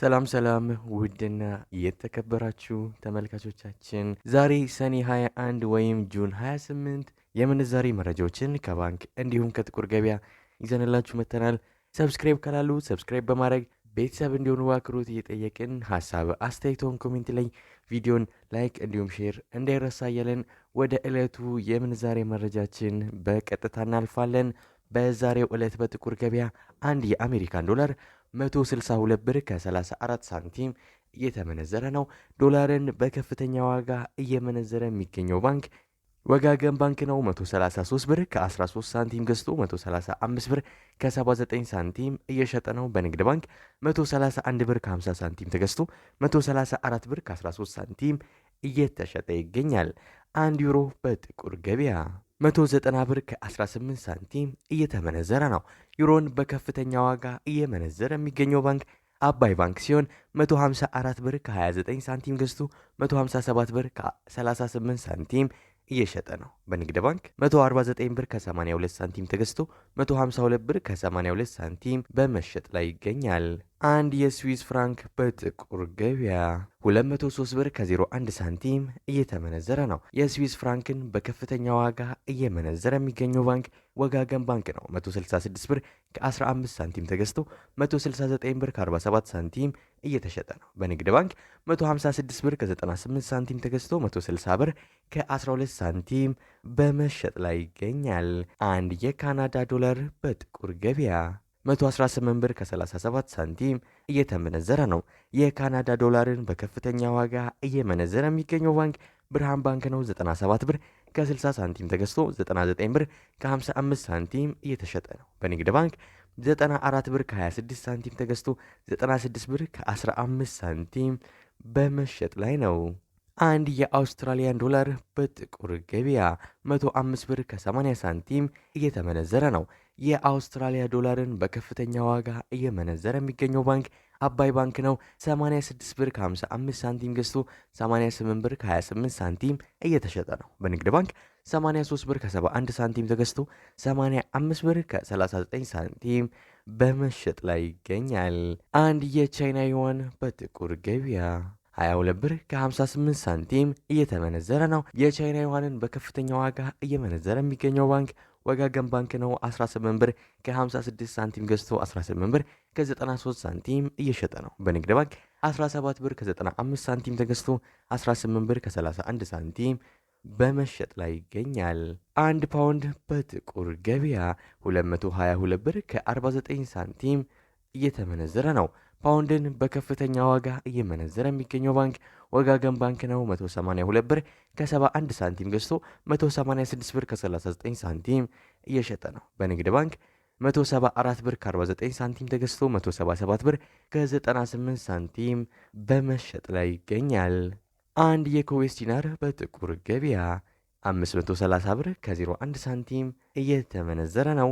ሰላም ሰላም ውድና የተከበራችሁ ተመልካቾቻችን ዛሬ ሰኔ 21 ወይም ጁን 28 የምንዛሬ መረጃዎችን ከባንክ እንዲሁም ከጥቁር ገበያ ይዘንላችሁ መተናል። ሰብስክራይብ ካላሉ ሰብስክራይብ በማድረግ ቤተሰብ እንዲሆኑ ዋክሩት እየጠየቅን ሀሳብ አስተያየቶን ኮሜንት ላይ ቪዲዮን ላይክ እንዲሁም ሼር እንዳይረሳ እያለን ወደ ዕለቱ የምንዛሬ መረጃችን በቀጥታ እናልፋለን። በዛሬው ዕለት በጥቁር ገበያ አንድ የአሜሪካን ዶላር 162 ብር ከ34 ሳንቲም እየተመነዘረ ነው። ዶላርን በከፍተኛ ዋጋ እየመነዘረ የሚገኘው ባንክ ወጋገን ባንክ ነው። 133 ብር ከ13 ሳንቲም ገዝቶ 135 ብር ከ79 ሳንቲም እየሸጠ ነው። በንግድ ባንክ 131 ብር ከ50 ሳንቲም ተገዝቶ 134 ብር ከ13 ሳንቲም እየተሸጠ ይገኛል። አንድ ዩሮ በጥቁር ገበያ 190 ብር ከ18 ሳንቲም እየተመነዘረ ነው። ዩሮን በከፍተኛ ዋጋ እየመነዘረ የሚገኘው ባንክ አባይ ባንክ ሲሆን 154 ብር ከ29 ሳንቲም ገዝቶ 157 ብር ከ38 ሳንቲም እየሸጠ ነው። በንግድ ባንክ 149 ብር ከ82 ሳንቲም ተገዝቶ 152 ብር ከ82 ሳንቲም በመሸጥ ላይ ይገኛል። አንድ የስዊስ ፍራንክ በጥቁር ገበያ 203 ብር ከ01 ሳንቲም እየተመነዘረ ነው። የስዊስ ፍራንክን በከፍተኛ ዋጋ እየመነዘረ የሚገኘው ባንክ ወጋገን ባንክ ነው። 166 ብር ከ15 ሳንቲም ተገዝቶ 169 ብር ከ47 ሳንቲም እየተሸጠ ነው። በንግድ ባንክ 156 ብር ከ98 ሳንቲም ተገዝቶ 160 ብር ከ12 ሳንቲም በመሸጥ ላይ ይገኛል። አንድ የካናዳ ዶላር በጥቁር ገበያ 118 ብር ከ37 ሳንቲም እየተመነዘረ ነው። የካናዳ ዶላርን በከፍተኛ ዋጋ እየመነዘረ የሚገኘው ባንክ ብርሃን ባንክ ነው። 97 ብር ከ60 ሳንቲም ተገዝቶ 99 ብር ከ55 ሳንቲም እየተሸጠ ነው። በንግድ ባንክ 94 ብር ከ26 ሳንቲም ተገዝቶ 96 ብር ከ15 ሳንቲም በመሸጥ ላይ ነው። አንድ የአውስትራሊያን ዶላር በጥቁር ገበያ 105 ብር ከ80 ሳንቲም እየተመነዘረ ነው። የአውስትራሊያ ዶላርን በከፍተኛ ዋጋ እየመነዘረ የሚገኘው ባንክ አባይ ባንክ ነው። 86 ብር ከ55 ሳንቲም ገዝቶ 88 ብር ከ28 ሳንቲም እየተሸጠ ነው። በንግድ ባንክ 83 ብር ከ71 ሳንቲም ተገዝቶ 85 ብር ከ39 ሳንቲም በመሸጥ ላይ ይገኛል። አንድ የቻይና ዩዋን በጥቁር ገበያ 22 ብር ከ58 ሳንቲም እየተመነዘረ ነው። የቻይና ዩዋንን በከፍተኛ ዋጋ እየመነዘረ የሚገኘው ባንክ ወጋገን ባንክ ነው። 18 ብር ከ56 ሳንቲም ገዝቶ 18 ብር ከ93 ሳንቲም እየሸጠ ነው። በንግድ ባንክ 17 ብር ከ95 ሳንቲም ተገዝቶ 18 ብር ከ31 ሳንቲም በመሸጥ ላይ ይገኛል። አንድ ፓውንድ በጥቁር ገበያ 222 ብር ከ49 ሳንቲም እየተመነዘረ ነው። ፓውንድን በከፍተኛ ዋጋ እየመነዘረ የሚገኘው ባንክ ወጋገን ባንክ ነው። 182 ብር ከ71 ሳንቲም ገዝቶ 186 ብር ከ39 ሳንቲም እየሸጠ ነው። በንግድ ባንክ 174 ብር ከ49 ሳንቲም ተገዝቶ 177 ብር ከ98 ሳንቲም በመሸጥ ላይ ይገኛል። አንድ የኩዌስ ዲናር በጥቁር ገበያ 530 ብር ከ01 ሳንቲም እየተመነዘረ ነው።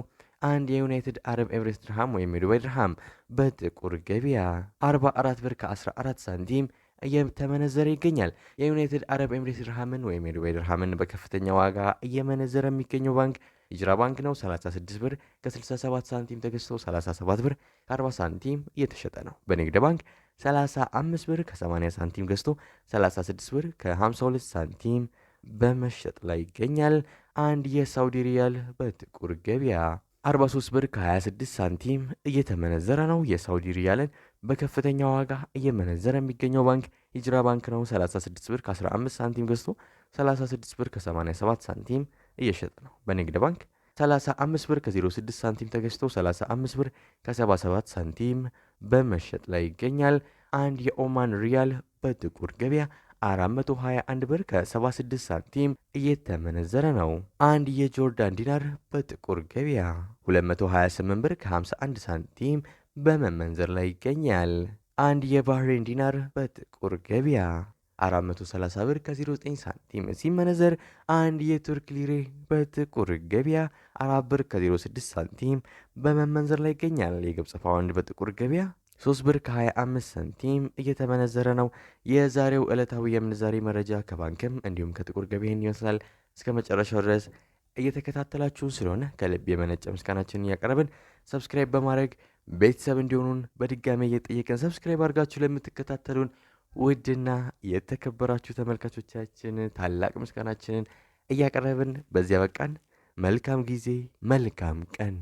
አንድ የዩናይትድ አረብ ኤምሬት ድርሃም ወይም የዱባይ ድርሃም በጥቁር ገበያ 44 ብር ከ14 ሳንቲም እየተመነዘረ ይገኛል። የዩናይትድ አረብ ኤምሬት ድርሃምን ወይም የዱባይ ድርሃምን በከፍተኛ ዋጋ እየመነዘረ የሚገኘው ባንክ የጅራ ባንክ ነው። 36 ብር ከ67 ሳንቲም ተገዝቶ 37 ብር ከ40 ሳንቲም እየተሸጠ ነው። በንግድ ባንክ 35 ብር ከ80 ሳንቲም ገዝቶ 36 ብር ከ52 ሳንቲም በመሸጥ ላይ ይገኛል። አንድ የሳውዲ ሪያል በጥቁር ገበያ 43 ብር ከ26 ሳንቲም እየተመነዘረ ነው። የሳውዲ ሪያልን በከፍተኛ ዋጋ እየመነዘረ የሚገኘው ባንክ ሂጅራ ባንክ ነው። 36 ብር ከ15 ሳንቲም ገዝቶ 36 ብር ከ87 ሳንቲም እየሸጠ ነው። በንግድ ባንክ 35 ብር ከ06 ሳንቲም ተገዝቶ 35 ብር ከ77 ሳንቲም በመሸጥ ላይ ይገኛል። አንድ የኦማን ሪያል በጥቁር ገበያ 421 ብር ከ76 ሳንቲም እየተመነዘረ ነው። አንድ የጆርዳን ዲናር በጥቁር ገበያ 228 ብር ከ51 ሳንቲም በመመንዘር ላይ ይገኛል። አንድ የባህሬን ዲናር በጥቁር ገበያ 430 ብር ከ09 ሳንቲም ሲመነዘር አንድ የቱርክ ሊሬ በጥቁር ገበያ 4 ብር ከ06 ሳንቲም በመመንዘር ላይ ይገኛል። የግብፅ ፓውንድ በጥቁር ገበያ 3 ብር ከ25 ሳንቲም እየተመነዘረ ነው። የዛሬው ዕለታዊ የምንዛሬ መረጃ ከባንክም እንዲሁም ከጥቁር ገበያን ይመስላል። እስከ መጨረሻው ድረስ እየተከታተላችሁን ስለሆነ ከልብ የመነጨ ምስጋናችንን እያቀረብን ሰብስክራይብ በማድረግ ቤተሰብ እንዲሆኑን በድጋሚ እየጠየቅን ሰብስክራይብ አድርጋችሁ ለምትከታተሉን ውድና የተከበራችሁ ተመልካቾቻችን ታላቅ ምስጋናችንን እያቀረብን በዚያ በቃን። መልካም ጊዜ፣ መልካም ቀን